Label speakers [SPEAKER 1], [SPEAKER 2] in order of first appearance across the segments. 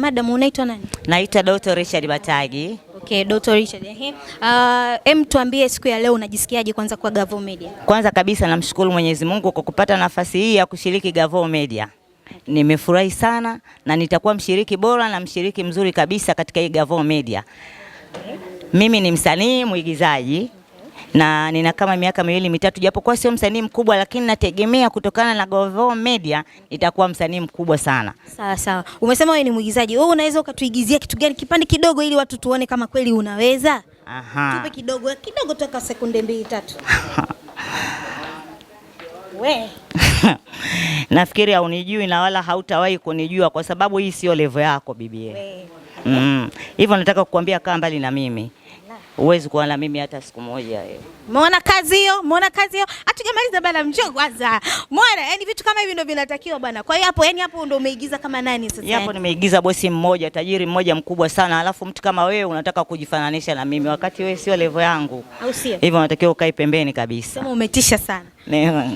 [SPEAKER 1] Madam, unaitwa nani?
[SPEAKER 2] Naitwa Dr. Richard Batagi.
[SPEAKER 1] Okay, Dr. Richard. Uh, em tuambie siku ya leo unajisikiaje kwanza kwa Gavo Media?
[SPEAKER 2] Kwanza kabisa namshukuru Mwenyezi Mungu kwa kupata nafasi hii ya kushiriki gavo Media. Nimefurahi sana na nitakuwa mshiriki bora na mshiriki mzuri kabisa katika hii gavo Media. Mimi ni msanii mwigizaji na nina kama miaka miwili mitatu, japokuwa sio msanii mkubwa, lakini nategemea kutokana na Gavoo Media nitakuwa msanii mkubwa sana.
[SPEAKER 1] Sawa sawa. Umesema wewe ni mwigizaji, wewe unaweza ukatuigizia kitu gani kipande kidogo, ili watu tuone kama kweli unaweza?
[SPEAKER 2] Aha. Tupe kidogo
[SPEAKER 1] kidogo toka sekunde mbili tatu. We.
[SPEAKER 2] Nafikiri haunijui na wala hautawahi kunijua kwa sababu hii sio level yako bibi. Mm. Hivyo nataka kukuambia kaa mbali na mimi. Huwezi kuona mimi hata siku moja.
[SPEAKER 1] Umeona eh. kazi hiyo? Umeona kazi hiyo? Hatujamaliza bana, mjoo kwanza. Umeona? Yaani vitu kama hivi ndio vinatakiwa bana. Kwa hiyo hapo, yani hapo ndio umeigiza kama nani
[SPEAKER 2] sasa? Hapo nimeigiza bosi mmoja, tajiri mmoja mkubwa sana. Alafu mtu kama wewe unataka kujifananisha na mimi wakati wewe sio level yangu. Au sio? Hivyo unatakiwa ukae pembeni kabisa.
[SPEAKER 1] Sema umetisha sana.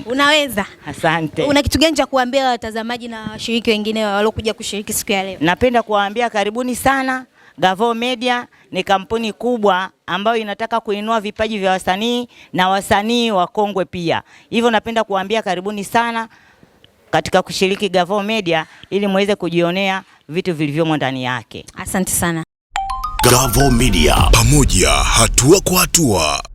[SPEAKER 1] Unaweza. Asante. Una kitu gani cha kuambia watazamaji na washiriki wengine waliokuja kushiriki siku ya leo?
[SPEAKER 2] Napenda kuwaambia karibuni sana Gavoo Media ni kampuni kubwa ambayo inataka kuinua vipaji vya wasanii na wasanii wakongwe pia. Hivyo napenda kuambia karibuni sana katika kushiriki Gavoo Media ili muweze kujionea vitu vilivyomo ndani yake. Asante sana. Gavoo Media, pamoja hatua kwa hatua.